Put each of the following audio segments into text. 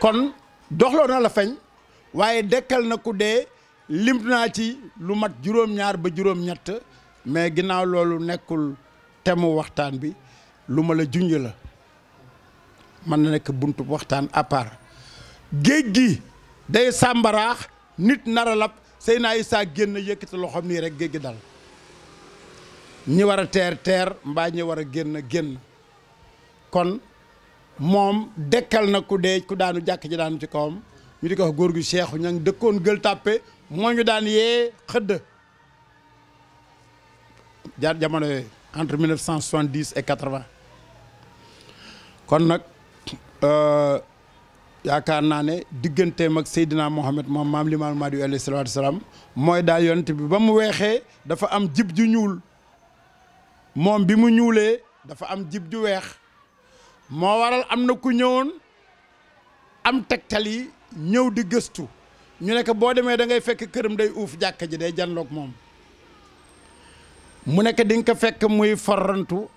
kon doxloo na la fañ waaye dekkal na ku dee lim naa ci lu mat juróom-ñaar ba juróom-ñett mais ginnaaw loolu nekkul temu waxtaan bi lu ma la junj la mën na nekk buntu waxtaan à géej gi day sàmbaraax nit nara a lab sëy naa saa génn yëkkati loxoom nii rek géej gi dal ñi war a teer teer mbaa ñi war a génn génn kon moom dekkal na ku dee ku daanu jàkk ji daanu ci kawam ñu di ko wax góor gu seexu ña dëkkoon gël tàppe moo daan yee xëdd jaar jamono yooyu entre 1970 et 80 kon nag euh, yaakaar naa ne digganteem ak Seydina Mohamed moom maam Limaam Mahdi alayhi salaatu salaam mooy daal yonent bi ba mu weexee dafa am jib ju ñuul moom bi mu ñuulee dafa am jib ju weex moo waral am na ku ñëwoon am tegtal yi ñëw di gëstu ñu ne ko boo demee da ngay fekk këram day uuf jàkka ji day janloog moom mu nekk dinga ko fekk muy forrantu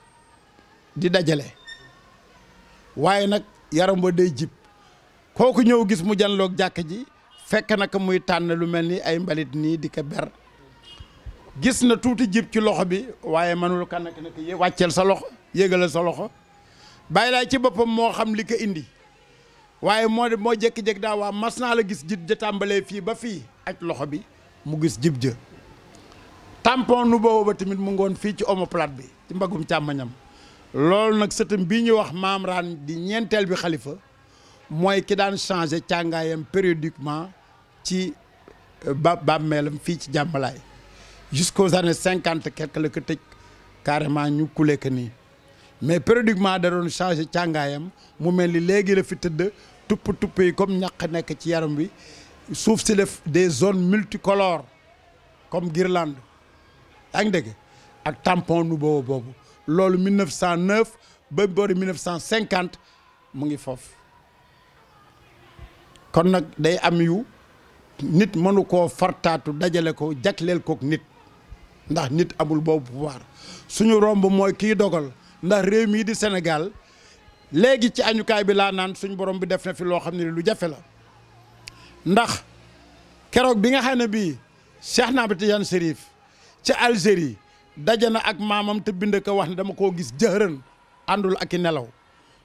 di dajale waaye nag yaram ba day jib kooku ñëw gis mu janlook jàkka ji fekk na ko muy tànn lu mel ni ay mbalit nii di ko ber gis na tuuti jib ci loxo bi waaye mënul kan nak nag wàcceel sa loxo yégalal sa loxo bàyyi laay ci boppam moo xam li ko indi waaye moo moo jékki-jékki daa waa mas naa la gis jib ja tàmbalee fii ba fii ak loxo bi mu gis jib ja tampon nu boobu ba tamit mu ngoon fii ci omoplate bi ci mbagum càmmañam loolu nag sëtam bii ñu wax maam raan di ñeenteel bi xalifa mooy ki daan changé càngaayam périodiquement ci euh, ba bàmmeelam fii ci jàmbalaay jusqu'aux années cinquante quelque la ko tëj carrément ñu kule ko nii mais périodiquement da doon changé càngaayam mu mel ni léegi la fi tëdd tupp tupp yi comme ñaq nekk ci yaram wi suuf si def des zone multicolores comme guirlande yaa ngi dégg ak tempon nu boobu boobu loolu 1909 ba boori 1950 mu ngi foofu kon nag day am yu nit mënu koo fartaatu dajale ko jagleel kook nit ndax nit amul boobu pouvoir suñu romb mooy kii dogal ndax réew mii di senegal léegi ci añukaay bi laa naan suñ borom bi def na fi loo xam ne lu jafe la ndax keroog bi nga xam ne bii Cheikh Nabi Tidiane Chérif ci Algérie daje na ak maamam te bind ko wax ne dama koo gis jëhërën àndul ak i nelaw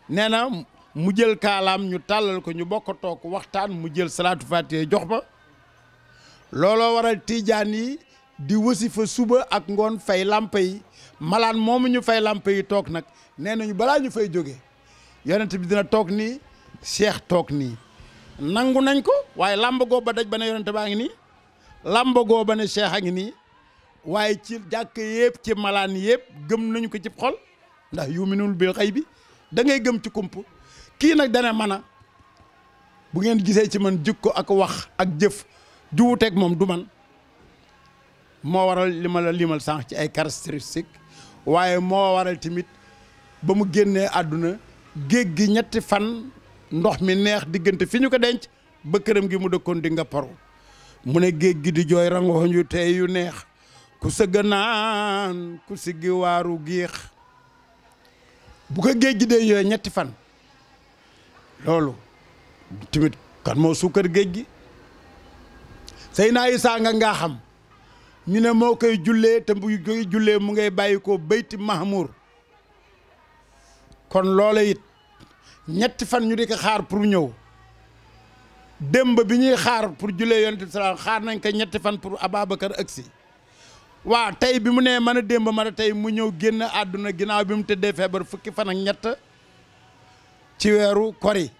nee na mu jël kaalaam ñu tàllal ko ñu bokk toog waxtaan mu jël salaatu faatiha jox ba looloo waral tiijaan yi di wasifa suba ak ngoon fay làmpa yi malaan moomu ñu fay làmp yi toog nag nee nañu balaa ñu fay jóge yonent bi dina toog nii seex toog nii nangu nañ ko waaye làmbagoo ba daj ba ne yonent baa ngi nii làmbagoo ba ne seex a ngi nii waaye ci jàkk yëpp ci malaan yëpp gëm nañu ko ci xol ndax yuminul bil xëy bi da ngay gëm ci kump kii nag dana mën a bu ngeen gisee ci man jikko ak wax ak jëf juwuteeg moom du man moo waral li ma la limal sànq ci ay caractéristiques waaye moo waral tamit ba mu génnee àdduna géej gi ñetti fan ndox mi neex diggante fi ñu ko denc ba këram gi mu dëkkoon di nga paru mu ne géej gi di jooy rangooñ yu tey yu neex ku sëgg naan ku siggi waaru géex bu ko géej gi dee yooyu ñetti fan loolu tamit kan moo suukar géej gi naa Seydina Isaa nga xam ñu ne moo koy jullee te bu koy mu ngay bàyyi ko bayti mahmour kon loola it ñetti fan ñu di ko xaar pour ñëw démb bi ñuy xaar pour jullee yonent bi salaam xaar nañ ko ñetti fan pour Ababacar agsi waaw tey bi mu nee mën a démb man a tey mu ñëw génn àdduna ginnaaw bi mu tëddee feebar fukki fan ak ñett ci weeru kori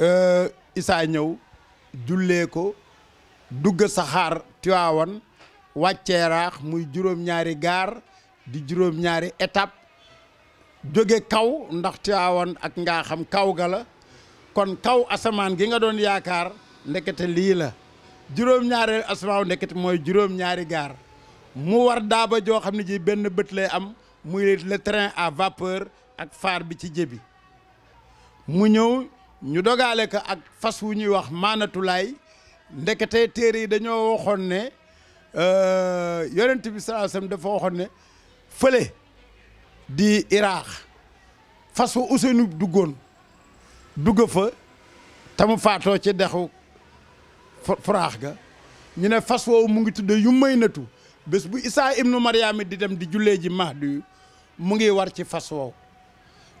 euh, isaa ñëw jullee ko dugg saxaar Tiwaawan wàccee muy juróom-ñaari gaar di juróom-ñaari étape jóge kaw ndax Tiwaawan ak ngaa xam kaw ga kon kaw asamaan gi nga doon yaakaar ndekete lii la juróom-ñaari asamaan ndekete mooy juróom-ñaari gaar mu war daaba joo xam ne ji benn bët lay am muy le train à vapeur ak phare bi ci jébi mu ñëw ñu dogaale ko ak fas wu ñuy wax maanatulaay ndekete téere yi dañoo waxoon ne euh, yonent bi sallallahu alayhi dafa waxoon ne fële di iraax fas wa Useynu duggoon dugg fa tamu faatoo ci dexu furaax ga ñu ne fas woowu mu ngi tudd yu may natu bés bu isaa nu mariama di dem di jullee ji mahdi mu ngi war ci fas woowu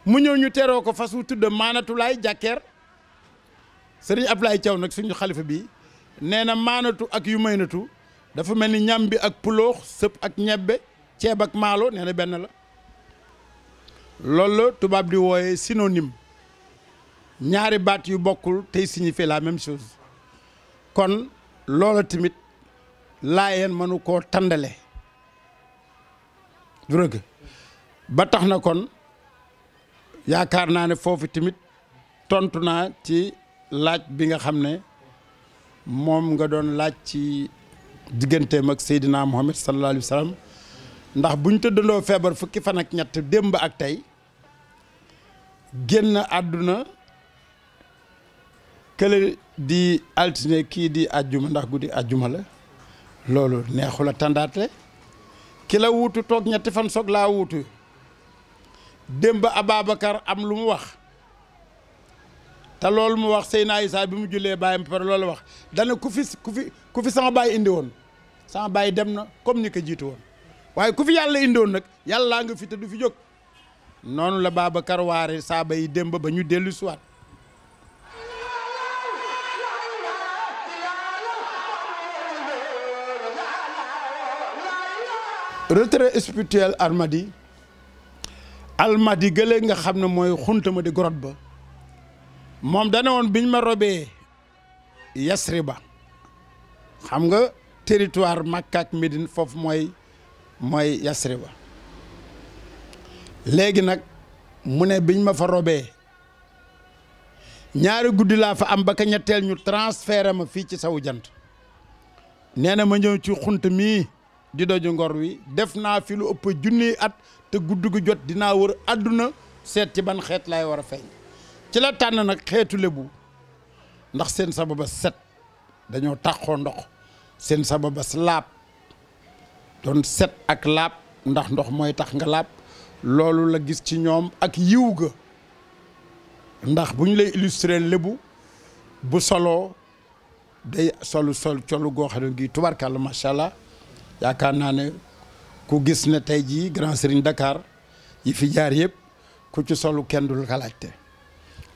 mu ñëw ñu teroo ko fas wu tudd maanatulaay jàkkeer sëriñ Ablaye Thiaw nag suñu xalifa bii nee na maanatu ak yu maynatu dafa mel ni ñam bi ak puloox sëp ak ñebbe ceeb ak maalo nee na benn la loolu la tubaab di wooye synonyme ñaari baat yu bokkul tey signifie la même chose kon loola tamit laayeen mënu koo tàndale du ba tax na kon yaakaar naa ne foofu tamit tontu naa ci laaj bi nga xam ne moom nga doon laaj ci digganteem ak Seydina Mohamed sallallahu alayhi wa sallam ndax buñ tëddandoo feebar fukki fan ak ñett démb ak tey génn àdduna kële di altine kii di àjjuma ndax guddi àjjuma la loolu neexul a tàndaate ki la wuutu toog ñetti fan soog laa wuutu démb Ababacar am lu mu wax te loolu mu wax Seydina Isa bi mu jullee bàyyam pare loolu wax dana ku fi ku fi ku fi baay indi woon sama dem na comme ni ko jiitu woon waaye ku fi yàlla indi woon nag yàllaa nga fi te du fi jóg noonu la Babacar waare saaba yi démb ba ñu dellu siwaat retrait spirituel almadi almadi gële nga xam ne mooy xuntama di grotte ba moom dane woon biñ ma robee ba xam nga territoire Makka ak Médine foofu mooy mooy ba léegi nag mu ne biñ ma fa robee ñaari guddi laa fa am ba ka ñetteel ñu transféré ma fii ci sawu jant nee na ma ñëw ci xunt mii di doju ngor wi def naa fi lu ëpp junniy at te guddi gu jot dinaa war àdduna seet ci ban xeet laay war a feeñ ci la tànn nag xeetu lébu ndax seen sababas set dañoo tàqoo ndox seen sababas laab doon set ak laab ndax ndox mooy tax nga laab loolu la gis ci ñoom ak yiw ga ndax bu ñu lay illustrer lébu bu soloo day solu sol colu goo xam ne gi tubarkàlla macha allah yaakaar naa ne ku gis ne tey jii Grand Serigne Dakar yi fi jaar yëpp ku ci solu kenn dul xalaajte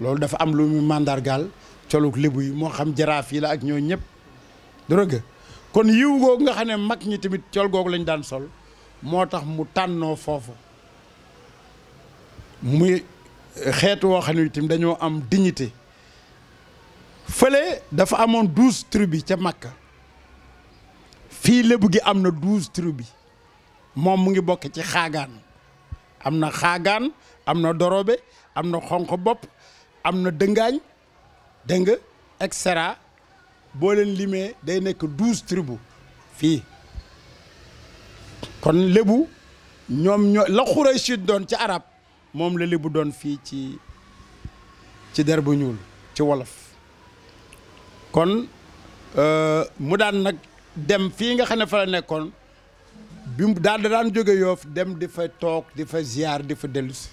loolu dafa am lu muy màndargaal colug lébu yi moo xam jaraa fii la ak ñoo ñëpp dërëgg kon yiw googu nga xam ne mag ñi tamit col googu lañ daan sol moo tax mu tànnoo foofu muy xeetu woo xam ne dañoo am dignité fële dafa amoon douze tribus ca Makka fii lébu gi am na douze tribus moom mu ngi bokk ci xaagaan am na xaagaan am na dorobe am na xonq bopp am na dëngaañ dégg nga boo leen limee day nekk douze tribus fii kon lébu ñoom ñoo la Quraysh doon ci arab moom la lébu doon fii ci ci der bu ñuul ci wolof kon euh, mu daan nag dem fii nga xam ne fa la nekkoon bi mu daal daan jóge yoof dem di fa toog di fa ziyaar di fa dellusi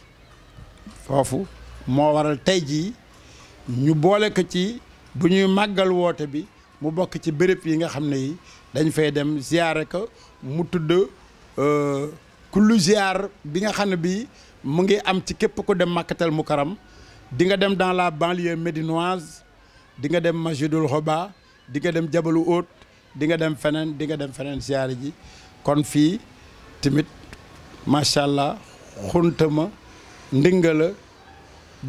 foofu moo waral tey jii ñu boole ko ci bu ñuy màggal woote bi mu bokk ci béréb yi nga xam ne yi dañ fay dem ziyaare ko mu tudd euh, kullu ziar bi nga xam ne bii mu ngi am ci képp ku dem màkkatal mu karam di nga dem dans la banlieue médinoise di nga dem Masjidul Hoba di nga dem Jabalu Haut di nga dem feneen di nga dem feneen ziare ji kon fii tamit macha allah xuntama ndingala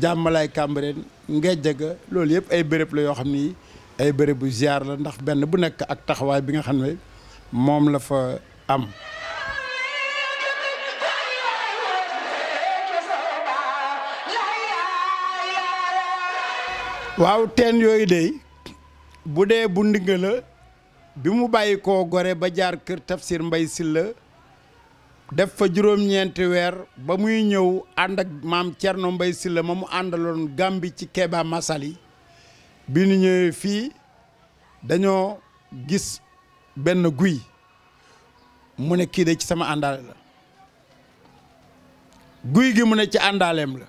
jàmmalaay Cambérène Ngéjaga loolu yëpp ay bërëb la yoo xam ni ay bérébu ziar la ndax benn bu nekk ak taxawaay bi nga xam ne moom la fa am. waaw teen yooyu de bu dee bu ndiggala bi mu bàyyi koo gore ba jaar kër Tafsir Mbay Silla def fa juróom-ñeenti weer ba muy ñëw ànd ak maam Thierno Mbaye Sylla ma mu àndaloon Gàmbi ci Kéba Massaly bi ñu ñëwee fii dañoo gis benn guy mu ne kii de ci sama àndaale la guy gi mu ne ci àndaaleem la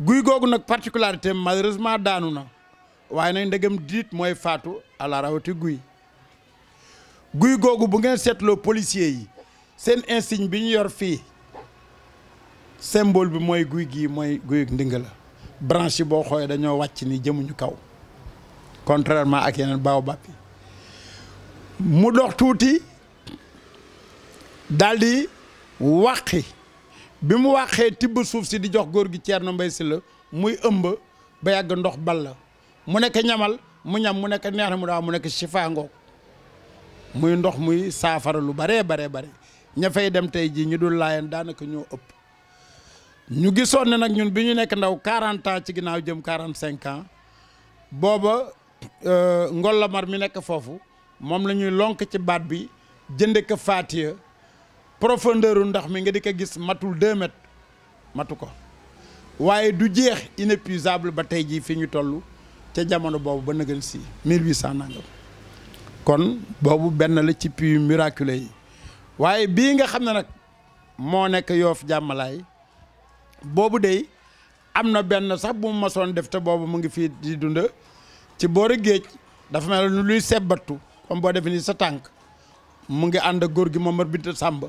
guy googu nag particularité malheureusement daanu na waaye nag ndegam diit mooy faatu ala rawati guy guy googu bu ngeen seetloo policier yi seen insigne bi ñu yor fii symbole bi mooy guy gii mooy guyug ndingala branche yi boo xoolee dañoo wàcc ni jëmuñu kaw contrairement ak yeneen baobab yi mu dox tuuti daldi wàqi bi mu wàqee tibb suuf si di jox góor gi na mbay si la muy ëmb ba yàgg ndox bal la mu nekk ñamal mu ñam mu nekk neex na mu daa mu nekk chifango muy ndox muy saafara lu baree baree bare ña fay dem tey jii ñu dul laayeen daanaka ñoo ëpp ñu gisoon ne nag ñun bi ñu nekk ndaw 40 ans ci ginnaaw jëm 45 an booba euh, ngollamar mi nekk foofu moom la ñuy lonk ci baat bi jënde ko faatiya profondeur u ndox mi nga di ko gis matul 2 mètres matu ko waaye du jeex inépuisable ba tey jii fi ñu toll ca jamono boobu ba nëgal si 1800 nangam kon boobu benn la ci puits miraculeux yi waaye bii nga xam ne nag moo nekk yoof jàmmalaay boobu dey am na benn sax bu mu masoon def te boobu mu ngi fii di dund ci boori géej dafa mel ni luy sebbattu comme boo defee nii sa tànk mu ngi ànd góor gi Momar Binta Sàmb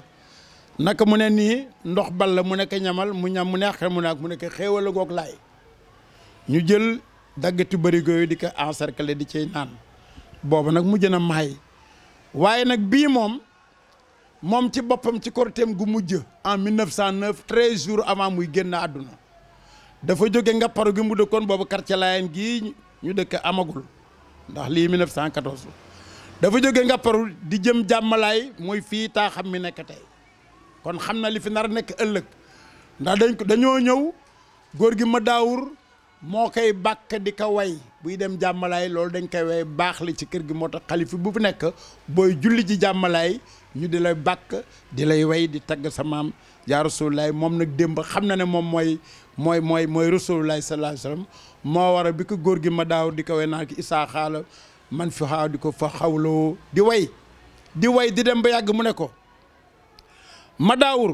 naka mu ne nii ndox bal mu nekk ñamal mu ñam mu ne mu naak mu nekk xéewal goog laay ñu jël daggati bërigo yi di ko encercler di cay naan boobu nag mu jën a maay waaye nag bii moom moom ci boppam ci koriteem gu mujj en 1909 13 jours avant muy génn àdduna dafa jóge nga paru gi mu dëkkoon boobu quartier Layène gii ñu dëkk amagul ndax lii 1914 dafa jóge nga paru di jëm jàmmalaay muy fii taa xam mi nekk tey kon xam na li fi nar nekk ëllëg ndax dañ ko dañoo ñëw góor gi ma daawur moo koy bàkk di ko way buy dem jàmmalaay loolu dañ koy way baax li ci kër gi moo tax xalifa bu fi nekk booy julli ci jàmmalaay ñu di lay bàkk di lay way di tagg sa maam yaa rasulullaay moom nag démb xam na ne moom mooy mooy mooy mooy rasulullaay sallallahu moo waral bi ko góor gi ma daaw di ko way naan ki isaaxaala man fi xaaw di ko fa xawloo di way di way di dem ba yàgg mu ne ko ma daawur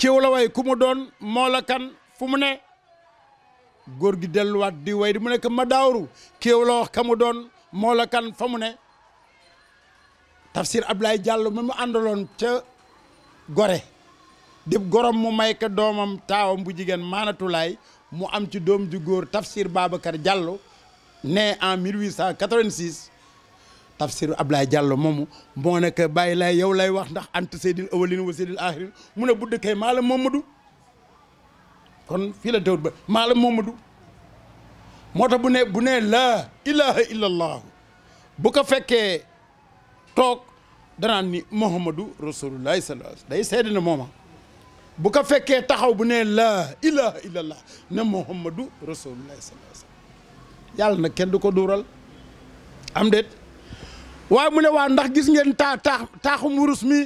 kiw la way ku doon moo kan fu mu ne góor gi delluwaat di way di mu ne ko ma daawuru kiw la wax ka mu doon moo kan fa mu ne Tafsir Ablaye Diallo mi mu àndaloon ca gore dib gorom mu may ko doomam taawam bu jigéen maanatulaay mu am ci doom ju góor Tafsir Babacar Diallo né en cent 1886 Tafsir Ablaye Diallo moomu moo nekk bàyyi lay yow lay wax ndax ant seydil awalin wa seydil axirin mu ne bu dëkkee maala Momadou kon fii la tawut ba maala Momadou moo tax bu ne bu ne laa ilaha illallah bu ko fekkee. toog danaan ni Muhammadu Rasulullah sallallahu alayhi day seede na mooma bu ko fekkee taxaw bu nee laa ilaha illallah ne Muhammadu Rasulullah sallallahu alayhi yàlla na kenn du ko duural am déet waaye mu ne waa ndax gis ngeen taa taax taaxum wurus mi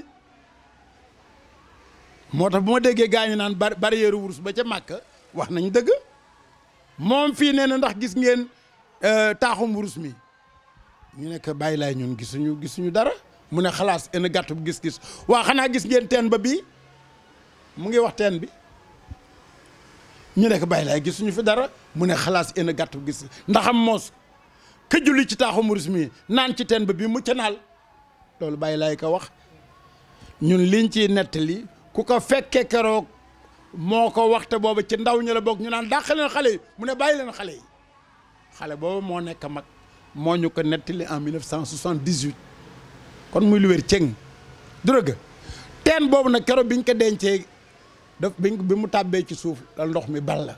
moo tax bu ma déggee gaañu naan barrière wurus ba ca Màkka wax nañ dëgg moom fii nee na ndax gis ngeen euh, taaxum wurus mi ñu nekk ko bàyyi laay ñun gisuñu gisuñu dara mu ne xalaas en gàtt bu gis-gis waa xanaa gis ngeen teen ba bii mu ngi wax teen bi ñu nekk ko bàyyi gisuñu fi dara mu ne xalaas en gàtt bu gis ndaxam moos ka ci taaxu muris mi naan ci teen ba bii ca naal loolu bàyyi laay ko wax ñun liñ ci nettali ku ko fekkee keroog moo ko waxte boobu ci ndaw ñi la bokk ñu naan dàq leen xale yi mu ne bàyyi leen xale yi xale boobu moo nekk mag moo ñu ko nettali en 1978 kon muy lu wér cëng du dëgg teen boobu nag keroog biñ ko dencee daf bi mu tàbbee ci suuf la ndox mi bal la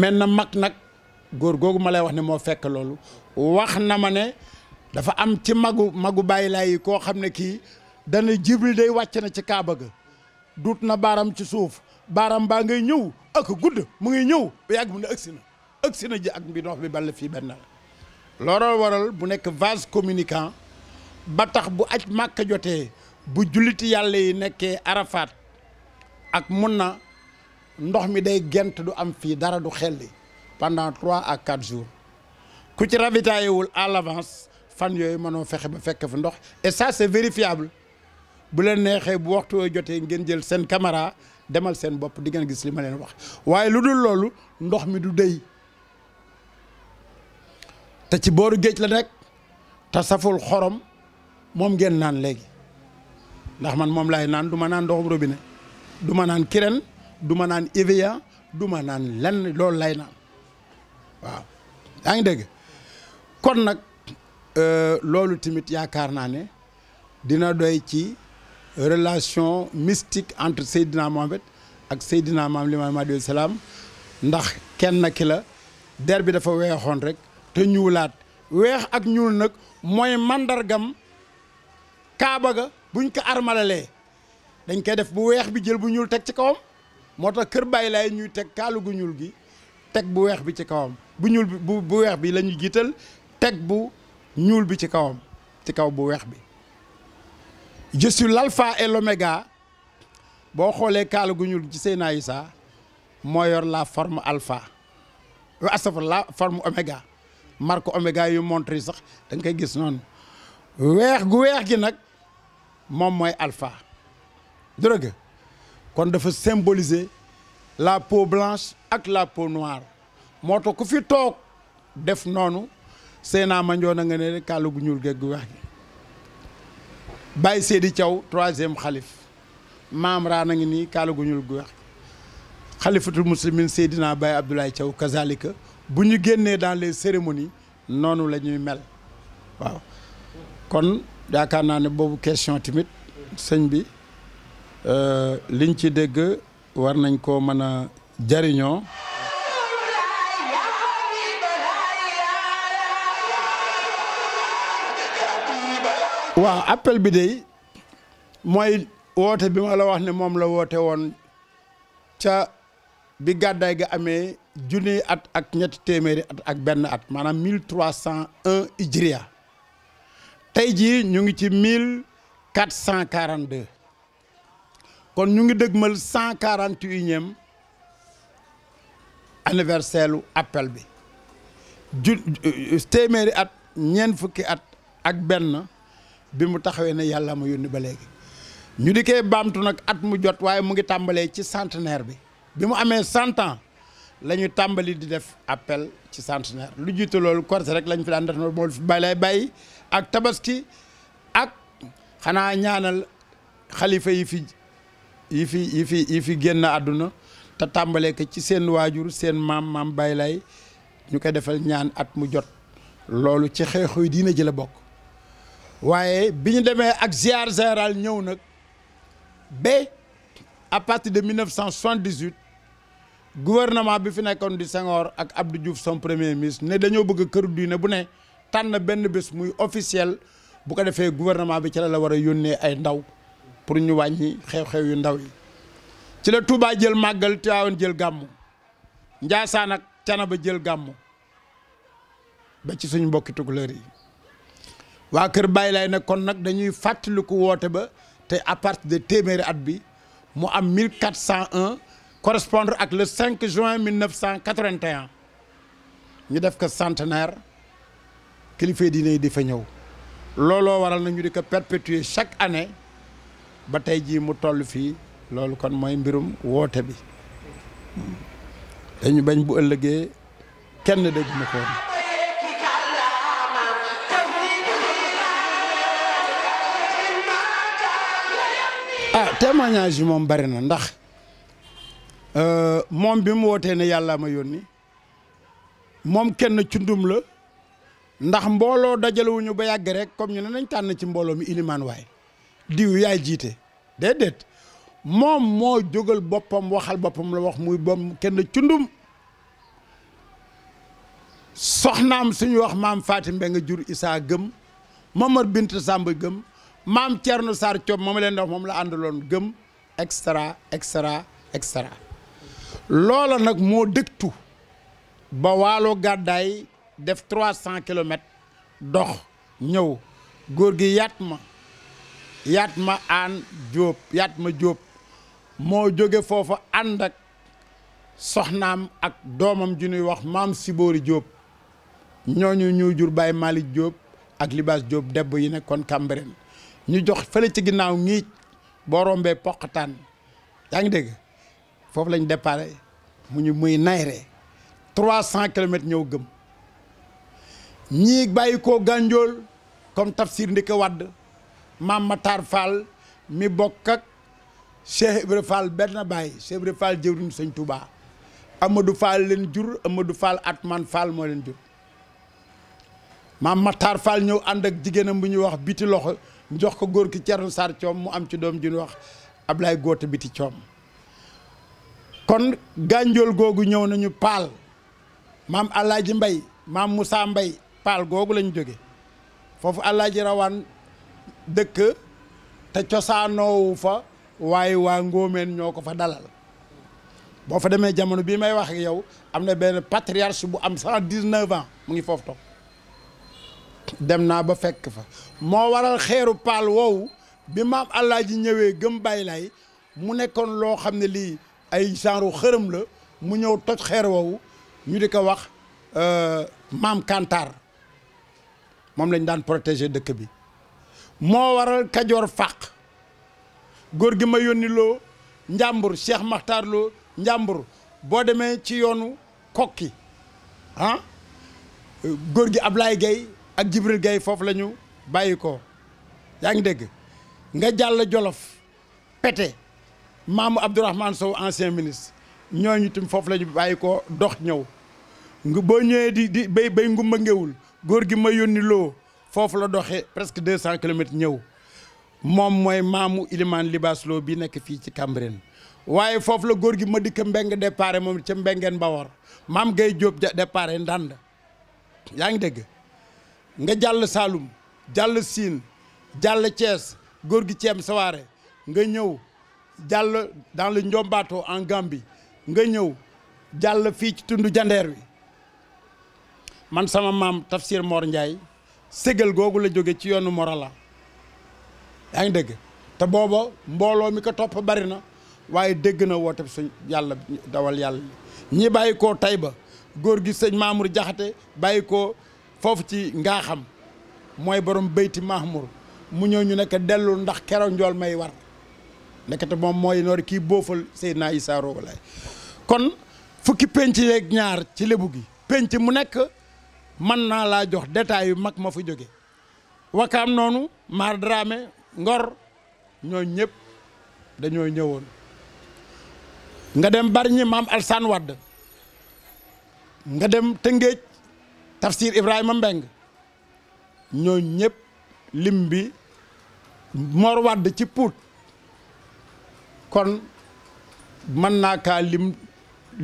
mel na mag nag góor googu ma lay wax ne moo fekk loolu wax na ma ne dafa am ci magu magu bàyyi lay koo xam ne kii dana jibril day wàcce na ci kaaba ga duut na baaram ci suuf baaram baa ngay ñëw ak gudd mu ngi ñëw yàgg mu ne ëgsi na ëgsi na ji ak mbi ndox bi ball fii benn la looloo waral bu nekk vase communicant ba tax bu aj màkka jotee bu julliti yàlla yi nekkee arafaat ak mun na ndox mi day gent du am fii dara du xelli pendant trois à quatre jours ku ci ravitaayewul à l'avance fan yooyu mënoo fexe ba fekk fu ndox et ça c'est vérifiable bu leen neexee bu waxtu woo jotee ngeen jël seen caméra demal seen bopp di ngeen gis li ma leen wax waaye lu dul loolu ndox mi du dey te ci booru géej la nekk te saful xorom moom ngeen naan léegi ndax man moom lay naan du ma naan ndoxum robine du ma naan kireen du ma naan Evian du ma naan lenn loolu lay naan waaw yaa ngi dégg kon nag euh, loolu tamit yaakaar naa ne dina doy ci relation mystique entre Seydina Mohamed ak Seydina Maam Limaamu Mahdi salaam ndax kenn ki la der bi dafa weexoon rek te ñuulaat weex ak ñuul nag mooy màndargam kaaba ga buñ ko armalalee dañ koy def bu weex bi jël bu ñuul teg ci kawam moo tax kër bàyyi laay ñuy teg kaalu gu ñuul gi teg bu weex bi ci kawam bu ñuul bi bu weex bi lañuy ñuy jiital teg bu ñuul bi ci kawam ci kaw bu weex bi je suis l'alpha et l'oméga boo xoolee kaala gu ñuul ci Seydina Isa moo yor la forme alpha astafurlah la forme oméga marque oméga yu montre sax da nga koy gis noonu weex gu weex gi nag moom mooy alpha drogue kon dafa symboliser la peau blanche ak la peau noire moo tax ku fi toog def noonu Seyna Mandione a nga ne kàllu gu ñuul geeg gu weex gi Baye Seydi caw troisième xalif maam raana ngi nii kàllu gu ñuul gu weex gi xalifatul muslimin Seydina Baye Abdoulaye Thiaw kazalika bu ñu génnee dans les cérémonies noonu la ñuy mel waaw kon yaakaar naa ne boobu question tamit sëñ bi euh, liñ ci dégg war nañ koo mën a jariñoo waaw appel bi day mooy woote bi ma la wax ne moom la woote woon ca bi gàddaay gi amee junniy at ak ñetti téeméeri at ak benn at maanaam mille trois cent un tey jii ñu ngi ci mille quatre cent quarante deux kon ñu ngi dëgmal cent quarante unième anniversaire lu appel bi ju euh, téeméeri at ñeent fukki at ak benn bi mu taxawee ne yàlla mu yónni ba léegi ñu di koy baamtu nag at mu jot waaye mu ngi tàmbalee ci centenaire bi bi mu amee cent ans la ñu tàmbali di def appel ci centenaire lu jiitu loolu Korité rek lañ fi daan def mool fi bay bàyyi ak tabaski ak xanaa ñaanal xalifa yi fi yi fi yi fi yi fi génn àdduna te tàmbalee ko ci seen waajur seen maam maam bay lay ñu koy defal ñaan at mu jot loolu ci xeexu diina ji la bokk waaye bi ñu demee ak ziar général ñëw nag ba à partir de 1978 gouvernement bi fi nekkoon di Senghor ak Abdou Diouf son premier ministre ne dañoo bëgg kër diine bu ne tànn benn bés muy officiel bu ko defee gouvernement bi ci la la war a yónnee ay ndaw pour ñu wàññi xew yu ndaw yi ci la Touba jël màggal Tiwaawan jël gàmmu Njaasaan ak Canaba jël gàmmu ba ci suñu mbokki tukulóor yi waa kër bàyyi lay nag kon nag dañuy fàttaliku woote ba te à partir de téeméeri at bi mu am 1401 correspondre ak le 5 juin 1981 ñu def ko centenaire kilifa diine yi di fa ñëw looloo waral na ñu di ko perpétuer chaque année ba tey jii mu toll fii loolu kon mooy mbirum woote bi dañu bañ bu ëllëgee kenn dégg na ko ah témoignage moom bari na ndax Euh, moom bi mu wootee ne yàllaa ma yónni moom kenn cundum la ndax mbooloo dajalewuñu ba yàgg rek comme ñu ne nañ tànn ci mbooloo mu ilimaan waay diw yaay jiite déedéet moom moo jógal boppam waxal boppam la wax muy bom kenn cundum soxnaam suñu wax maam Fatim Mbengue nga jur Isaa gëm Mamar Bint Samb gëm maam Thierno Sarr Thiop ma leen di moom la àndaloon gëm extra extra extra loola nag moo dëgtu ba waalo gàddaay def trois cent kilomètres dox ñëw góor gi yaat ma yaat ma aan jóob yaat ma jóob moo jóge foofa ànd ak soxnaam ak doomam ju nuy wax maam Siboori Jóob ñoo ñu jur Baay Malick Jóob ak Libaas Jóob deb yi nekkoon Cambérène ñu jox fële ci ginnaaw ngiic boo rombee poqataan yaa ngi dégg foofu lañu départ mu ñu muy Nayre trois cent kilomètres ñëw gëm ñii bàyyi koo gànjool comme Tafsir Ndike Wadd Maam Matar Fall mi bokk ak Cheikh Ibra Fall benn baay Cheikh Ibra Fall jëwriñ Sëñ Touba Amadou Fall leen jur Amadou Fall Atman Fall moo leen jur Maam Matar Fall ñëw ànd ak jigéenam bu ñuy wax biti loxo jox ko góor ki Thierno Sarr Thiom mu am ci doom ju ñuy wax Ablaye Góota biti Thiom kon gànjool googu ñëw nañu paal maam Alaaji Mbay maam Moussa Mbay paal googu lañu jóge foofu Alaaji Rawaan dëkk te cosaanoowu fa waaye waa ngóomeen ñoo ko fa dalal boo fa demee jamono bii may wax yow am na benn patriarche bu am cent dix-neuf ans mu ngi foofu toog dem naa ba fekk fa moo waral xeeru paal woowu bi maam Alaaji ñëwee gëm bay mu nekkoon loo xam ne lii ay genre xërëm la mu ñëw toj xeer woowu ñu di ko wax euh, maam Kantar moom lañ daan protéger dëkk bi moo waral kajoor fàq góor gi ma yónni loo njàmbur Cheikh Makhtar loo njàmbur boo demee ci yoonu kokki ah góor gi ab Ablaye Gueye ak Jibril gay foofu la ñu bàyyi ko yaa ngi dégg nga jàll jolof pete maamu Abdourahmane Sow ancien ministre ñooñu itam foofu la ñu bàyyi ko dox ñëw nga boo ñëwee di di bay béy ngumba ngewul góor gi ma yónni loo foofu la doxee presque deux cent kilomètres ñëw moom mooy maamu Ilimaan Libaas Loo bi nekk fii ci Cambérène waaye foofu la góor gi ma dikk mbeng départ moom ca mbengeen Bawor maam Gaye Diop départ Ndanda yaa ngi dégg nga jàll saalum jàll Sine jàll cees góor gi Ceem Sawaare nga ñëw jàll dans le Ndiombato en Gambie nga ñëw jàll fii ci tund jandeer wi man sama maam Tafsir Mor Ndiaye ségal googu la jóge ci yoonu Morala yaa ngi dégg te booba mbooloo mi ko topp bari na waaye dégg na woote suñ yàlla dawal yàlla ñi bàyyi koo ba góor gi sëñ Mamour Jaxate bàyyi koo foofu ci ngaa xam mooy borom Beyti Mahmour mu ñëw ñu nekk dellu ndax keroog njool may war ndekete moom mooy noor kii boofal Seydina Issa Rouhou Laye kon fukki penc yeeg ñaar ci lébu gi penc mu nekk mën naa laa jox détails yu mag ma fa jóge wakaam noonu maar Dramé Ngor ñoo ñëpp dañoo ñëwoon nga dem Bargny maam Alsaan Wadd nga dem Tëngéej Tafsir Ibrahima Mbeng ñoo ñëpp lim bi Mor Wadd ci Pout kon mën naa ka lim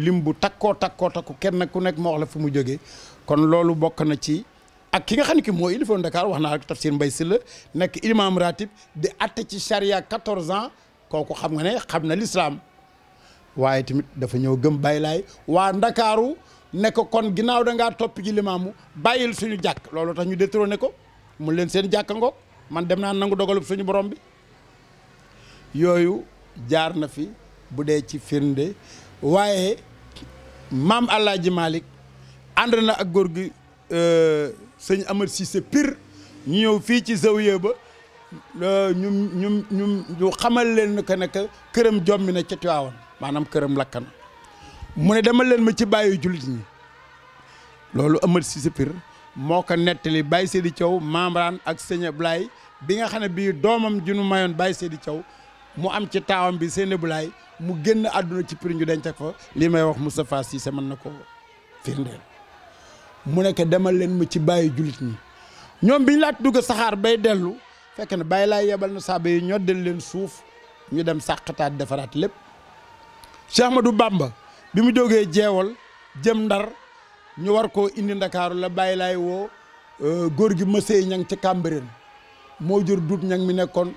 lim bu takkoo takkoo takku kenn ku nekk ma la fu mu jógee kon loolu bokk na ci ak ki nga xam ne ki moo ilifoon Dakar wax naa ak tafsir mbay si la nekk imam di atte ci charia 14 ans kooku xam nga ne xam na l'islam waaye tamit dafa ñëw gëm bay laay waa ndakaaru nekk kon ginnaaw da ngaa topp ci limaamu bàyyil suñu jàkk loolu tax ñu détrôné ko mun leen seen jàkk ngoog man dem naa nangu dogalub suñu borom bi yooyu jaar na fi bu dee ci firnde waaye maam Alaaji Malick ànd na ak góor gi euh, sëñ Amar Cissé Pire ñu ñëw fii ci zawiya ba euh, ñu ñu ñu xamal leen ne que ne këram jommi na ca Tiwaawan maanaam këram lakk na mu ne dama leen ma ci bàyyi jullit ñi loolu Amar Cissé Pire moo ko nettali Baye Seydi Thiaw Mamran ak sëñ Ablaye bi nga xam ne bii doomam ju nu mayoon Baye Seydi caw mu am ci taawam bi Seynabou Laye mu génn àdduna ci prix ñu denc ko lii may wax Moustapha Cissé man na ko firndeel mu nekk demal leen ma ci bàyyi jullit ñi ñoom bi ñu laaj dugg saxaar bay dellu fekk na bàyyi laay yebal na saaba yi ñoddal leen suuf ñu dem sàqataat defaraat lépp Cheikh Ahmadou Bamba bi mu jógee jeewal jëm ndar ñu war ko indi ndakaaru la bàyyi laay woo euh, góor gi mësee ñang ci Cambérène moo jur duut ñang mi nekkoon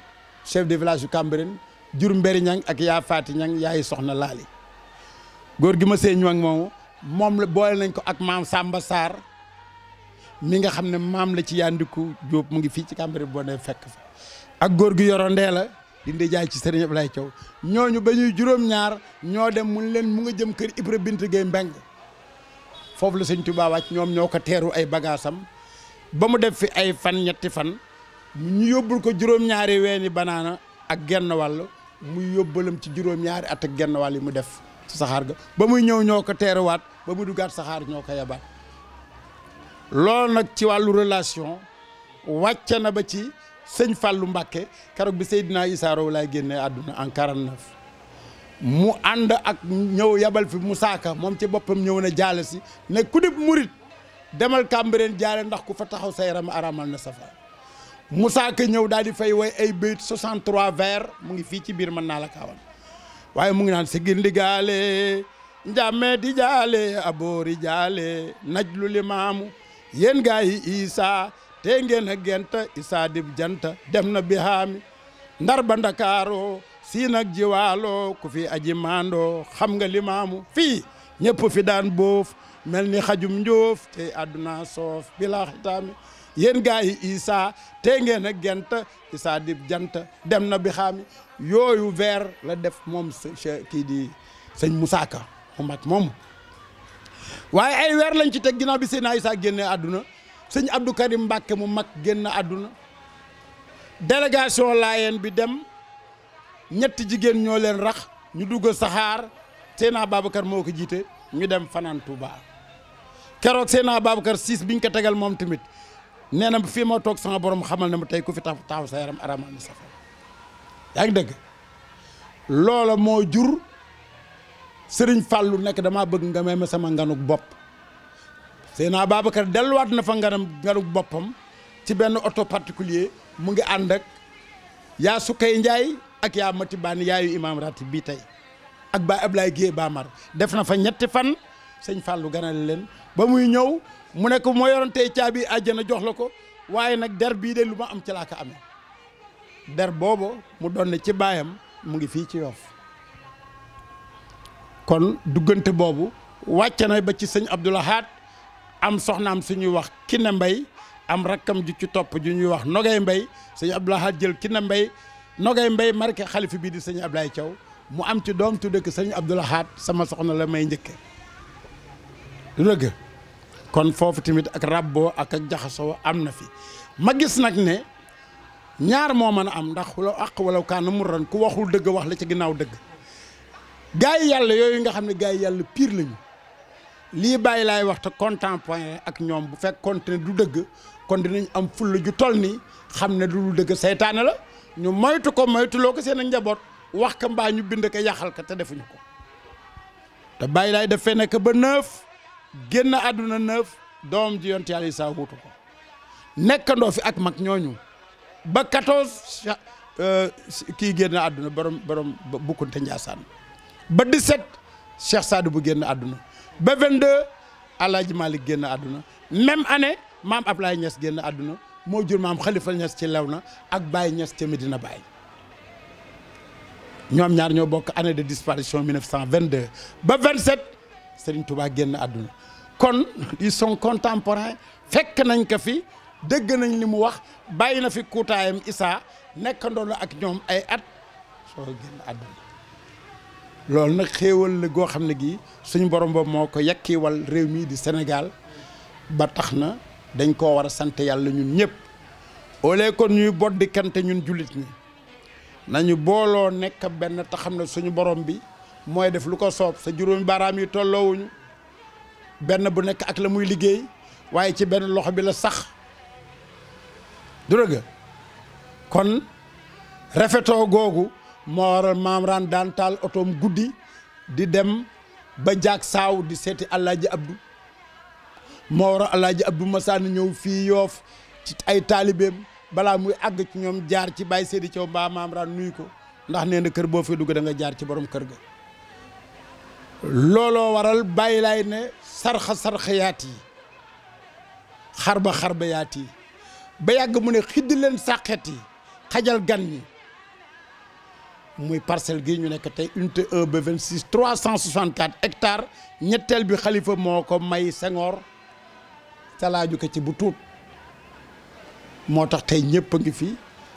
chef de village yu Cambérène jur mberi ñang ak yaa faati ñang yaay soxna laali góor gi ma seen ñang moom la boole nañ ko ak maam sàmba Sarr mi nga xam ne maam la ci yandiku Jóob mu ngi fii ci kàmbari boo ne fekk fa ak góor gi yoro ndee la di ci Serigne Ablaye Thiaw ñooñu ba ñuy juróom-ñaar ñoo dem mun leen mu nga jëm kër Ibra Bint Gueye Mbeng foofu la sëñ Tuubaa ñoom ñoo ko teeru ay bagaasam ba mu def fi ay fan ñetti fan ñu yóbbul ko juróom-ñaari weeni banaana ak genn wàll muy yóbbalam ci juróom-ñaari at ak genn waal yi mu def ci saxaar ga ba muy ñëw ñoo ko teeruwaat ba mu duggaat saxaar ñoo ko yabaat loolu nag ci wàllu relation wàcce na ba ci sëñ Fàllu Mbàkke keroog bi Seydina Issa Rohou Laye génne àdduna en 49 mu ànd ak ñëw yabal fi mu Ka moom ci boppam ñëw na jaale si ne ku dib murit demal Cambérène jaale ndax ku fa taxaw sa yaram aramal na safa Moussa Ka ñëw daal di fay way ay béyt 63 vers mu ngi fii ci biir man naa la kaawan waaye mu ngi naan si gindi gaale njàmme di jaale aboori jaale najlu limaamu yéen gaa yi te ngeen a genta Isaa dib janta dem na bihaami ndar ba ndakaaroo siin ak jiwaaloo ku fi aji maandoo xam nga limaamu fii ñëpp fi daan boof mel ni xajum njoof te àdduna soof bi xitaami yéen gaa yi Isaa tey ngeen a gent Isaa di jant dem na bi xaami yooyu vers la def moom kii di sëñ Moussa Ka mu mag moom waaye ay weer lañ ci teg ginaa bi seen Isaa génne àdduna sëñ Abdou Karim mu mag génn àdduna délégation laayeen bi dem ñetti jigéen ñoo leen rax ñu dugg saxaar Seydina Babacar moo ko jiite ñu dem fanaan Touba keroog Seydina Babacar siis biñ ko tegal moom tamit nee na fii ma toog sama boroom xamal na ma tey ku fi taxaw sa yaram aramal na safara yaa ngi dëgg loola moo jur sëriñ fàllu nekk dama bëgg nga may ma sama nganuk bopp Seydina Babacar delluwaat na fa nganam nganuk boppam ci benn auto particulier mu ngi ànd ak yaa sukkay njaay ak yaa mati baani yaayu imaam ratib bii tey ak baa Ablaye Guèye Bamar def na fa ñetti fan sëñ fàllu ganale leen ba muy ñëw mu nekk ko moo yoroon tey caabi àjjana jox la ko waaye nag der bii de lu ma am ci laa ko amee der boobu mu doon ne ci baayam mu ngi fii ci Yoff kon duggante boobu wàcce na ba ci sëñ Abdou Lahad am soxnaam suñuy wax Kiné mbay am rakkam ju ci topp ju ñuy wax Nogay mbay sëñ Abdou Lahad jël Kiné mbay Nogay mbay marqué xalifa bii di sëñ Ablaye Thiaw mu am ci doom tudde ko sëñ Abdou Lahad sama soxna la may njëkke rëgg kon foofu tamit ak rabboo ak ak jaxasoo am na fi ma gis nag ne ñaar moo mën a am ndax wala àq wala kaana mu ran ku waxul dëgg wax la ci ginnaaw dëgg gaa yi yàlla yooyu nga xam ne gaa yi yàlla piir lañu lii bàyyi laay wax te contemporain ak ñoom bu fekkoon ne du dëgg kon dinañ am fulla ju toll nii xam ne du lu dëgg seytaane la ñu moytu ko moytuloo ko seen njaboot wax ka mbaa ñu bind ko yàqal ka te defuñu ko te bàyyi laay def fee ba neuf. génn àdduna neuf doom ji yonte yàlla Isaa wuutu ko nekkandoo fi ak mag ñooñu ba quatorze euh, kii génn àdduna borom borom bukkunte Njaasaan ba 17 Cheikh Sadou bu génn àdduna ba 22 Alaaji Malick génn àdduna même année maam Ablaye Niass génn àdduna moo jur maam Khalifa Niass ci lew na ak Baye Niass ca Medina Baye ñoom ñaar ñoo bokk année de disparition 1922 ba 27. Serigne tubaa génn àdduna kon ils sont contemporains fekk nañ ko fi dégg nañ li mu wax bàyyi na fi kuutaayam Isaa nekkandoon ak ñoom ay at soo génn àdduna loolu nag xéewal la goo xam ne gii suñu borom ba moo ko yekkiwal réew mii di Sénégal ba tax na dañ koo war a sant yàlla ñun ñëpp au lieu kon ñuy boddikante ñun jullit ñi nañu booloo nekk benn taxam na suñu borom bi mooy def lu ko soob sa juróomi baaraam yi tolloowuñu benn bu nekk ak la muy liggéey waaye ci benn loxo bi la sax du dëgg kon rafetoo googu moo waral maam raan daan taal otoom guddi di dem ba jaag saaw di seeti Alaaji Abdu moo waral Alaaji Abdu masaan ñëw fii yoof ci ay taalibeem balaa muy àgg ci ñoom jaar ci bàyyi seedi caw mbaa maam nuyu ko ndax nee na kër boo fi dugg da nga jaar ci borom kër ga looloo waral bàyyi lay ne sarxa sarxa yaat yi xarba xarba yaat yi ba yàgg mu ne xiddi leen sàqet yi xajal gan ñi muy parcelle gi ñu nekk tey unité 1 ba 26 364 hectares ñetteel bi xalifa moo ko may Senghor salaaju ko ci bu tuut moo tax tey ñëpp a ngi fi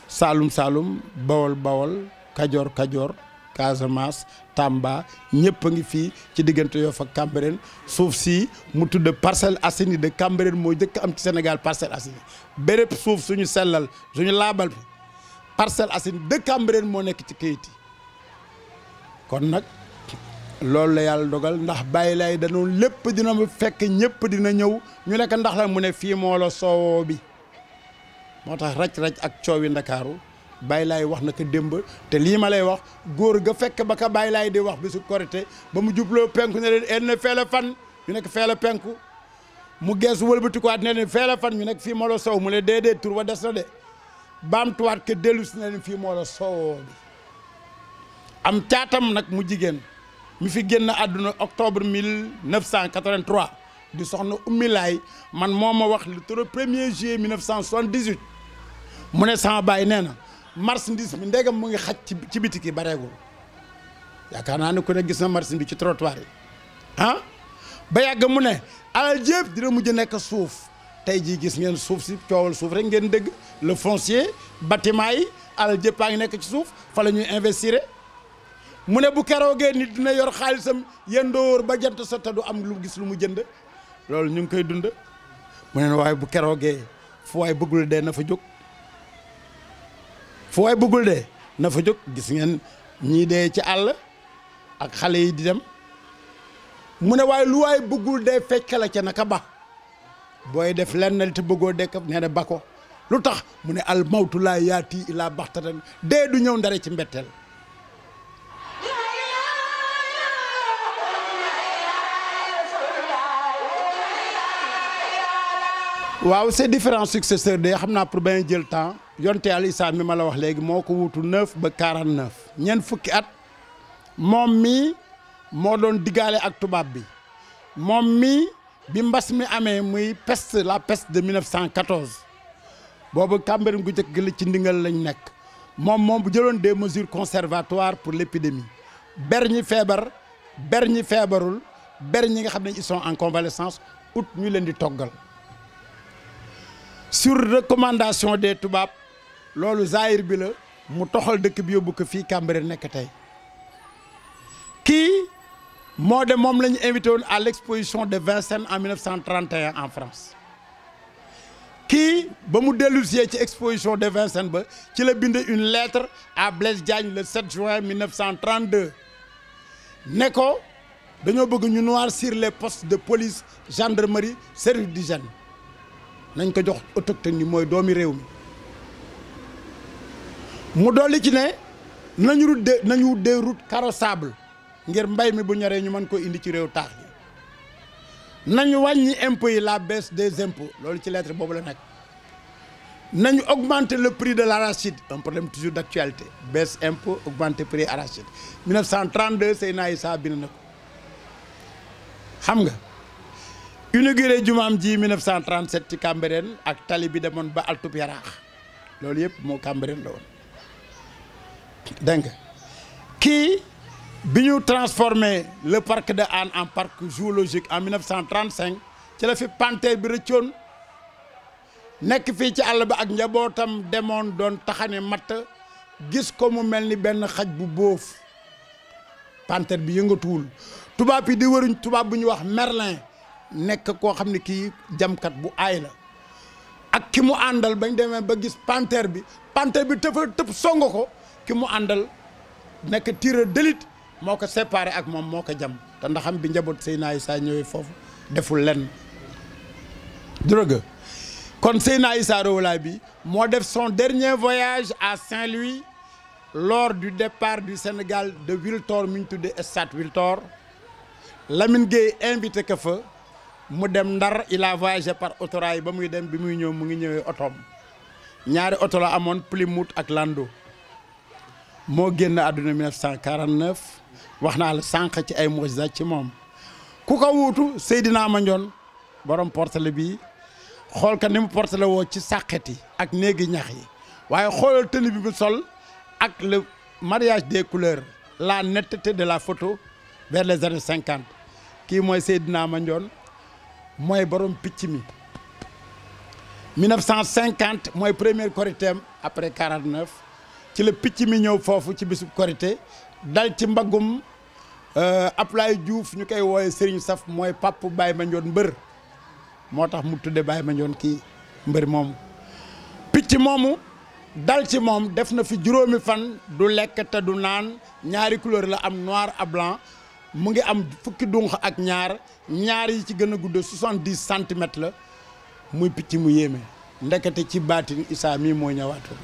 Saalum Saalum Bawol Bawol Kajoor Kajoor Casamance Tamba ñëpp a ngi fii ci diggante Yoff ak Cambérène suuf sii mu tudd Parcelles Assainies de Cambérène moo njëkk am ci Sénégal Parcelles Assainies béréb suuf suñu sellal suñu laabal bi Parcelles Assainies de Cambérène moo nekk ci kayit yi kon nag loolu la yàlla dogal ndax bàyyi laay danoon lépp dina mu fekk ñëpp dina ñëw ñu nekk ndax la mu ne fii moo la soowoo bi moo tax raj-raj ak coowi Ndakaaru Baye laay wax na ko démb te lii ma lay wax góor ga fekk ba ka Baye laay di wax bisu korité ba mu jubloo penku ne leen en na feela fan ñu nekk feela penku mu gees wëlbatikuwaat ne leen feela fan ñu nekk fii moo la sow mu ne déedéet tur ba des na de baamtuwaat ke dellu si ne fii moo la sowoo am caatam nag mu jigéen mi fi génn àdduna octobre 1983 di soxna Ummi Laay man moom ma wax lu tur premier juillet 1978 mu ne sama baay nee na marchandise bi ndegam mu ngi xaj ci yi bareegul yaakaar naa ne ku ne gis na marchandise bi ci trottoir yi ah? ba yàgg mu ne alal jépp dina mujj nekk suuf tey jii gis ngeen suuf si coowal suuf rek ngeen dégg le foncier bâtiment yi alal jépp paa ngi nekk ci suuf fa la ñuy investir mu ne bu keroogee nit dina yor xaalisam yendóor ba jant sa du am lu gis lu mu jënd loolu ñu ngi koy dund mu ne waaye bu keroogee fu waaye bëggul dee na fa jóg fu waay bëggul dee na fa jóg gis ngeen ñii dee ci àll ak xale yi di dem mu ne waaye lu waay bëggul dee fekk la ca naka ba booy def lenn te bëggoo dekk nee ba ko lu tax mu ne al mawtu laa yaati ilaa baxtatan dee du ñëw ndare ci mbetteel waaw c'est différents successeurs de xam naa pour bañ jël temps yonte yàlla Isaa mi ma la wax léegi moo ko wutu 9 ba 49 ñeent fukki at moom mii moo doon digaale ak tubaab bi moom mii bi mbas mi amee muy peste la peste de 1914 boobu Cambérène gu njëkk la ci ndingal lañ nekk moom moom bu jëloon des mesures conservatoires pour l'épidémie ber ñi feebar ber feebarul ber ñi nga xam ne ils sont en convalescence ut ñu leen di toggal sur recommandation des tubaab loolu zaahir bi la mu toxal dëkk bi yóbbu ko fii Cambérène nekk tey kii moo de moom la ñu invité woon à l' exposition de Vincennes en 1931 en France kii ba mu dellusee ci exposition de Vincennes ba ci la bind une lettre à Blaise Diagne le 7 juin 1932 ne ko dañoo bëgg ñu noircir les postes de police gendarmerie service d'hygiène nañ ko jox autochtone yi mooy doomi réew mi. mu dolli ci ne nañu wut de nañu wut des routes carrossables ngir mbay mi bu ñoree ñu mën ko indi ci réew taax yi nañu wàññi impôts yi la baisse des impôts loolu ci lettre boobu la nekk nañu augmenter le prix de l'arachide un problème toujours d'actualité baisse impôt augmenter prix arachide 1932 Seydina Issa bind na ko xam nga inauguré jumaam ji 1937 ci Cambérène ak tali bi demoon ba Altub Yaraax loolu yëpp moo Cambérène la woon dégg nga kii bi ñu transformé la parc de Hann en parc zoologique en 1935 ci la fi panthère bi rëccoon nekk fii ci àll bi ak njabootam demoon doon taxane matt gis ko mu mel ni benn xaj bu boof panthère bi yëngatuwul tubaab yi di wëruñ tubaab bu ñuy wax merlin nekk koo xam ne kii jamkat bu aay la ak ki mu àndal bañ demee ba gis panthère bi panthère bi tëfa tëb songo ko ki mu àndal nekk tireur d'élite moo ko séparé ak moom moo ko jam te ndaxam bi njaboot Seydina Issa ñëwee foofu deful lenn drogue kon Seydina Issa Rouhou Laye bi moo def son dernier voyage à Saint-Louis lors du départ du Sénégal de Wiltor mi ñu tuddee stade Wiltor Lamine Gueye invité ko fa mu dem Ndar il a par autorail ba muy dem bi muy ñëw mu ngi ñëwee otoom ñaari oto la amoon Plymouth ak Lando moo génn àdduna 1949 wax naa la sànq ci ay mujza ci moom ku ko wuutu Seydina Mandione borom portale bi xool ka ni mu portale woo ci sàqet yi ak néegi ñax yi waaye xoolal tenue bi mu sol ak le mariage des couleur la netteté de la photo vers les années cinquante kii mooy Seydina Mandione mooy borom picc mi 1950 mooy premier Koritém après 49. ci la picc mi ñëw foofu ci bisub korité dal ci mbaggum euh, Ablaye Diouf ñu koy wooye Serigne Saf mooy papp Baye Mandione mbër moo tax mu tudde Baye Mandione kii mbër moomu picc moomu dal ci moom def na fi juróomi fan du lekk te du naan ñaari couleur la am noir à mu ngi am fukki dunq ak ñaar ñaar yi ci gën a gudd soixante-dix centimètres la muy picc mu yéeme ndekete ci baatin Isaa mii moo ñëwaatoon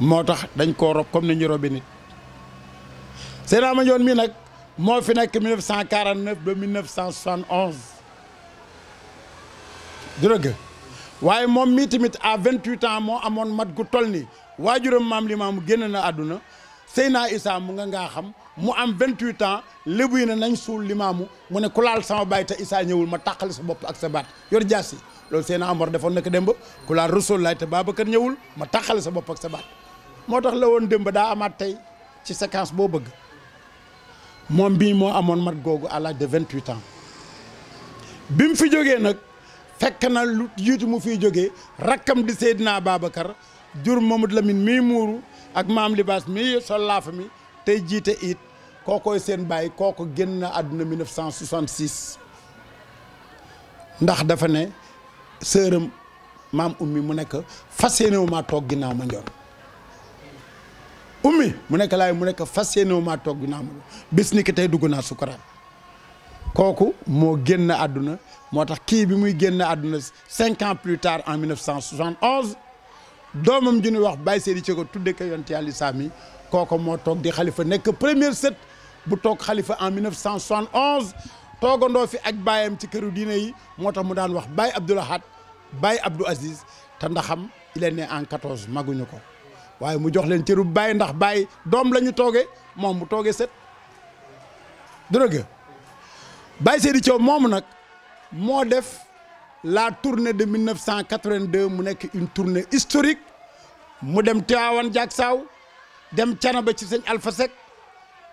moo tax dañ koo rob comme ni ñu robi nit Seydina Mandione mii nag moo fi nekk 1949 ba 1971 du dëgg waaye moom mii tamit à 28 ans moo amoon mat gu toll nii waajuram maam li maamu génn na àdduna Seydina Issa mu nga ngaa xam mu am 28 ans lébu yi ne nañ suul limaamu mu ne ku laal sama baay te Issa ñëwul ma tàqale sa bopp ak sa baat yor jaasi loolu Seydina Omar defoon na ko démb ku laal Rasul laay te Babacar ñëwul ma tàqale sa bopp ak sa baat moo tax la woon démb daa amaat tey ci séquence boo bëgg moom bii moo amoon mat googu àllaaj l'âge de vingt-huit ans bi mu fi jógee nag fekk na lu jiitu mu fiy jógee rakkam di naa Babacar jur Mamadou Lamine mii muuru ak maam libaas mii sol mi tey jiite it kookooy seen bàyyi kooku génn na àdduna 1966 ndax dafa ne sëram maam ummi mu nekk fas yéenewu maa toog ginnaaw ma njoon ummi mu nekk laay mu nekk fas yéene maa toog ginnaaw ma bés ni tey dugg naa sukaraat kooku moo génn àdduna moo tax kii bi muy génn àdduna cinq ans plus tard en 1971 doomam ju ñuy wax Baye Seydi Ceko tudde ko yonent Yàlla Saami kooku moo toog di xalifa nekk premier set bu toog xalifa en 1971 toogandoo fi ak baayam ci këru diine yi moo tax mu daan wax Baye Abdoul Ahad Baye Abdou Aziz te ndaxam il est né en 14 maguñu ko. waaye mu jox leen cëru bàyyi ndax bàyyi doom la ñu toogee moom mu toogee set dëgg Baye Seydi Thiaw moomu nag moo def la tournée de 1982 mu nekk une tournée historique mu dem Tivaouane Diack Saaw dem Canaba ci sëñ Alpha Seck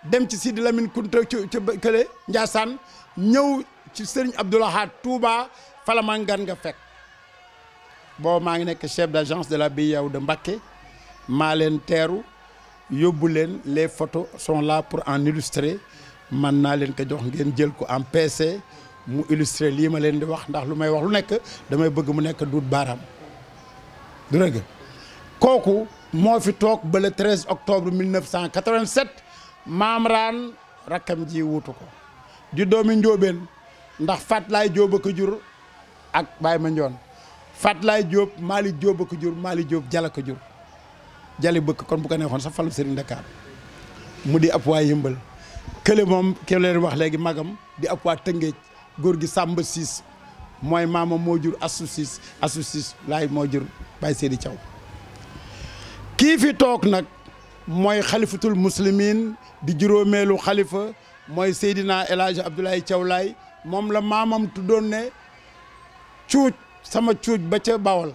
dem ci Sidi Lamine Kunta ci ci Kële Ndiassane ñëw ci sëñ Abdoulahad Touba Falamangan nga fekk boo maa ngi nekk chef d' agence de la BIAO de Mbacké maa leen teeru yóbbu leen les photos sont là pour en illustrer naa leen ko jox ngeen jël ko en mu illustrer lii ma leen di wax ndax lu may wax lu nekk damay bëgg mu nekk duut baaraam kooku moo fi toog ba le 13 octobre 1987 maam raan rakkam ji wuutu ko di doomi njóobeen ndax Fatlaay Jóob ko jur ak Baye Mandione Fatlaay Jóob Maali Jóob ko jur Maali Jóob Jala ko jur jali bëkk kon bu ko neexoon sa falu Serigne Dakar mu di ab waa yëmbal kële moom leen wax léegi magam di ab waa tëngeej góor gi sàmba Siis mooy maama moo jur asu siis asu siis laay moo jur Baye Seydi Thiaw kii fi toog nag mooy xalifatul muslimin di juróomeelu xalifa mooy Seydina El Hadj Abdoulaye moom la maamam tuddoon ne cuuj sama cuuj ba ca Bawol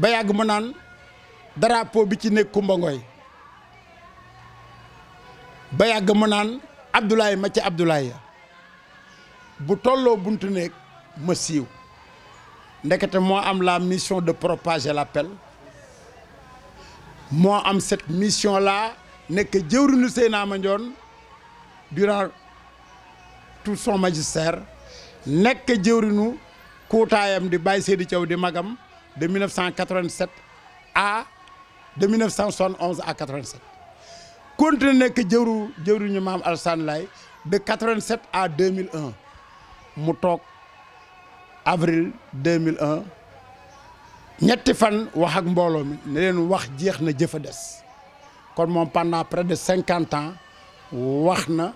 ba yàgg mu naan drapeau bi ci nekk Kumba Ngoy ba yàgg mu naan Abdoulaye ma ci Abdoulaye bu tolloo buntu nekk ma siiw ndekete moo am la mission de propager l'appel moo am cette mission là nekk jëwriñu Seyna Mandione durant tout son magistère nekk jëwriñu kuutaayam di Baye Seydi Thiaw di magam de 1987 à de 1971 à 87 continué nekk jëwru jëwruñu maam Alassane Laye de 87 à 2001 mu toog avril 2001 ñetti fan wax ak mbooloo mi ne leen wax jeex na jëf a des kon moom pendant près de cinquante ans wax na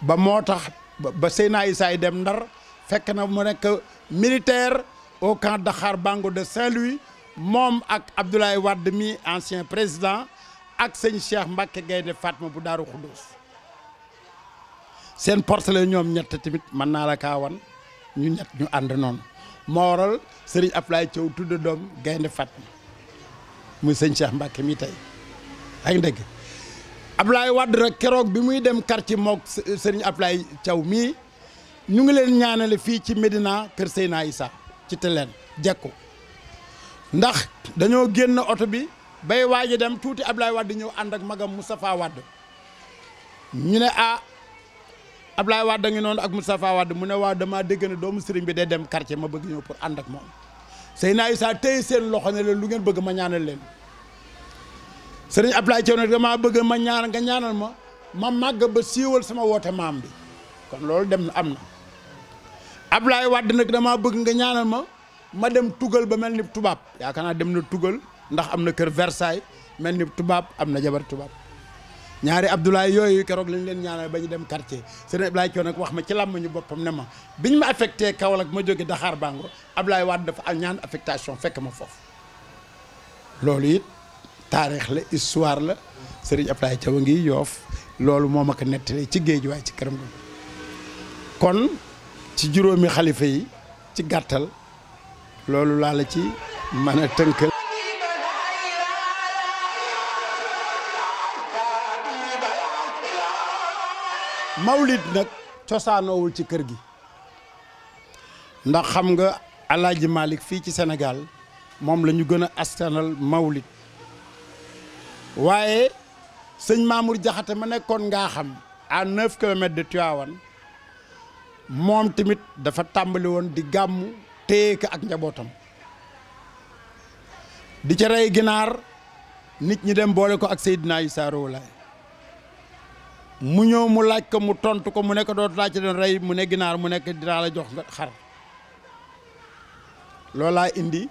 ba moo tax ba Seyna Issa dem Ndar fekk na mu nekk militaire au camp Dakhar Bango de Saint-Louis moom ak Abdoulaye Wade mi ancien président ak sëñ Cheikh Mbacke Gaynde Fatma bu Daaru Xuddoos seen portele ñoom ñett tamit mën naa la kaawan ñu ñett ñu ànd noonu moo waral sëriñ Ablaye Thiaw tudd doom Gaynde Fatma muy sëñ Cheikh Mbacke mi tey ak dëgg Ablaye Wade rek keroog bi muy dem quartier mook sëriñ Ablaye Thiaw mii ñu ngi leen ñaanale fii ci Medina Kër Seyna Issa ci tëleen jekku ndax dañoo génn oto bi bay waaji dem tuuti ab Ablaye Wade ñëw ànd ak magam Moustapha Wade ñu ne ah Ablaye Wade ngi noonu ak Moustapha Wade mu ne waaw damaa dégg doomu sëriñ bi day dem quartier ma bëgg ñëw pour ànd ak moom Seydina saa téye seen loxo ne leen lu ngeen bëgg ma ñaanal leen sëriñ Ablaye Thiaw ne damaa bëgg ma ñaan nga ñaanal ma ma màgg ba siiwal sama woote maam bi kon loolu dem am na Ablaye Wade nag damaa bëgg nga ñaanal ma ma dem tugal ba mel ni tubaab yaakaar naa dem na tugal ndax am na kër Versailles mel ni tubaab am na jabar tubaab ñaari Abdoulaye yooyu keroog lañ leen ñaanal ba ñu dem quartier sëñ Ablaye Thion wax ma ci làmmiñu boppam ne ma biñ ma affecté Kaolack ma jóge Dakar Bango Ablaye Wade dafa ñaan affectation fekk ma foofu loolu it taarix la histoire la sëriñ Ablaye Thiaw ngi yoof loolu moo ma ko nettalee ci géej waaye ci këram kon ci juróomi xalifa yi ci gàttal loolu laa la ci mën a tënkal mawlid nag cosaanoowul ci kër gi ndax xam nga alaaji Malick fii ci Sénégal moom la ñu gën a astanal mawlid waaye sëñ Mamour jaxate ma nekkoon ngaa xam à neuf kilomètres de Tivaouane moom tamit dafa tàmbali woon di gàmmu téye ko ak njabootam di ca rey ginaar nit ñi dem boole ko ak Seydina Issa Rouhou mu ñëw mu laaj ko mu tontu ko mu nekk dootu laaj ci doon rey mu ne ginaar mu nekk dinaa la jox nga xar loolaa indi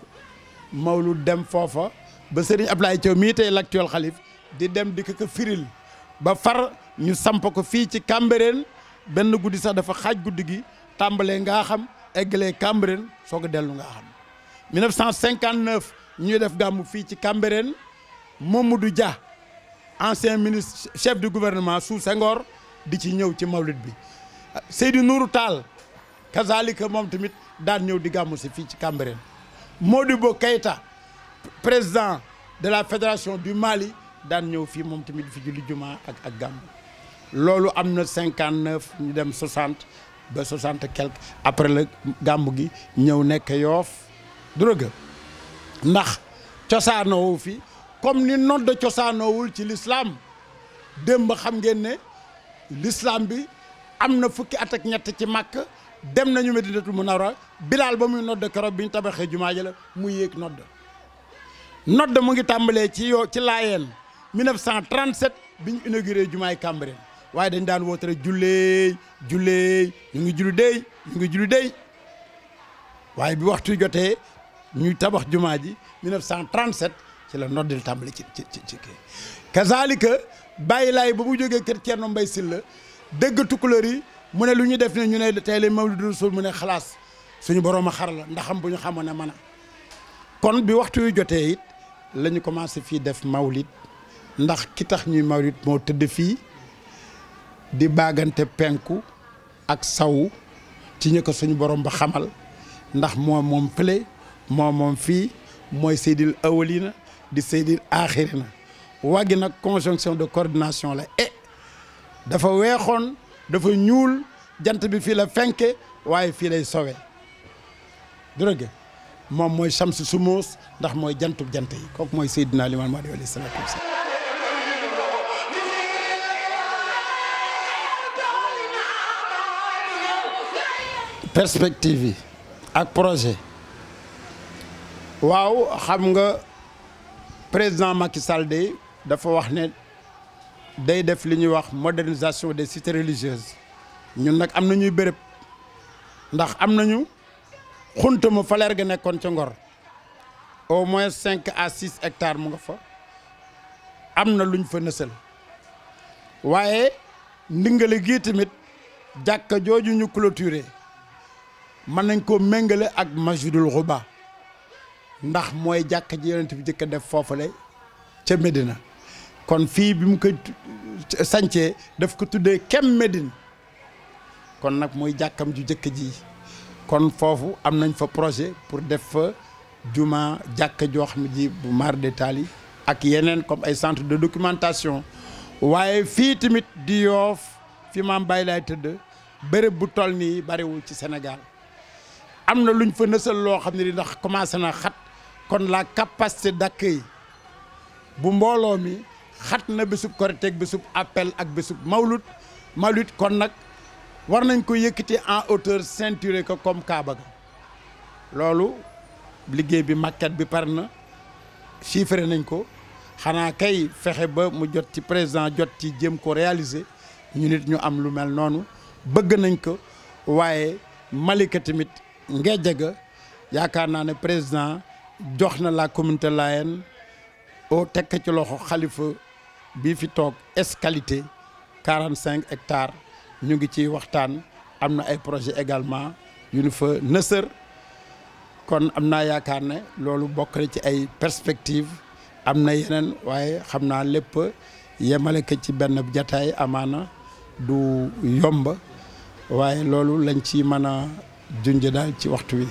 mawlu dem foofa ba Serigne Ablaye Thiaw mii tey l'actuel xalif di dem di ko ko firil ba far ñu samp ko fii ci Cambérène benn guddi sax dafa xaaj guddi gi tàmbalee ngaa xam eggalee Cambérène soog a dellu ngaa xam 1959 ñuy def gàmmu fii ci Cambérène Mamadou Dia ancien ministre chef du gouvernement sous ngor di ci ñëw ci mawlid bi Seydou Nourou Tall kazalika moom tamit daan ñëw di gàmmu si fii ci Cambérène Modibo Keïta président de la fédération du Mali daan ñëw fii moom tamit fi ci jumaa ak ak gàmmu loolu am na cinquante neuf ñu dem soixante ba soixante quelque après la gàmmu gi ñëw nekk yoof du dëgg ndax cosaanoowu fi comme ni nodd cosaanoowul ci lislaam démb xam ngeen ne lislaam bi am na fukki at ak ñett ci màkk dem nañu Medinatul Munawwara bilaal ba muy nodd keroog bi ñu tabaxee jumaa ja la mu yéeg nodd nodd mu ngi tàmbalee ci yoo ci laayeen 1937 bi ñu inauguré jumaay Cambérène waaye dañ daan woote rek julleey julleey ñu ngi julli dey ñu ngi julli dey waaye bi waxtu jotee ñuy tabax jumaa ji 1937 ci la noddil tàmbali ci ci ci bàyyi laay ba mu jógee kër Thierno Mbaye Sylla dëgg tukulóor yi mu ne lu ñu def ne ñu ne tey la Mawlidu Rasuul mu ne xalaas suñu borom xarala ndax am bu ñu xamoon ne mën a kon bi waxtu yu jotee it lañu ñu commencé fii def mawlid ndax ki tax ñuy mawlid moo tëdd fii di baagante penku ak sawu ci ñu ko suñu borom ba xamal ndax moo moom fële moom moom fii mooy seydil awalina di seydil aaxirina waggi nag conjonction de cordination la e dafa weexoon dafa ñuul jant bi fii la fenke waaye fii lay sowe du rëgg moom mooy chamsu sumuus ndax mooy jantub jant yi kook mooy seydina limaam alayhi salaatu wasalaam perspective yi ak projet waaw xam nga président Macky salde dafa wax ne day def li ñuy wax modernisation des cités religieuses ñun nag am na ñuy béréb ndax am nañu xuntuma faleer ga nekkoon ca Ngor au moins cinq à six hectares mu nga fa am na luñ fa nësal waaye ndingale gii tamit jàkka jooju ñu clôturer mën nañ koo méngale ak masjidul Quba ndax mooy jàkka ji yonent bi jëkk a def foofale ca Medina kon fii bi mu ko sancee daf ko tuddee kem Medine kon nag mooy jàkkam ju jëkk ji kon foofu am nañ fa projet pour def fa juma jàkka joo xam ne ji bu maar détail ak yeneen comme ay centre de documentation waaye fii tamit di yoof fi maam Baye laay tëdd bërëb bu toll nii bariwul ci Sénégal am na luñ fa nësal loo xam ne di ndax commencé na xat kon la capacité d'accueil bu mbooloo mi xat na bésub Korité ak bésub appel ak bésub mawlud mawlud kon nag war nañ ko yëkkati en hauteur ceinturé ko comme Kaaba ga loolu liggéey bi maquette bi par na chiffré nañ ko xanaa kay fexe ba mu jot ci président jot ci jéem ko réaliser ñu nit ñu am lu mel noonu bëgg nañ ko waaye Malika tamit Ngédiaga yaakaar naa ne président jox na la communauté layène au tekk ci loxo xalifa bii fi toog Escalité 45 hectares ñu ngi ci waxtaan am na ay projet également yu ñu fa nësër kon am naa yaakaar ne loolu bokk na ci ay perspective am na yeneen waaye xam naa lépp yemale ko ci benn jataay amaana du yomb waaye loolu lañ ci mën a junj daal ci waxtu wi.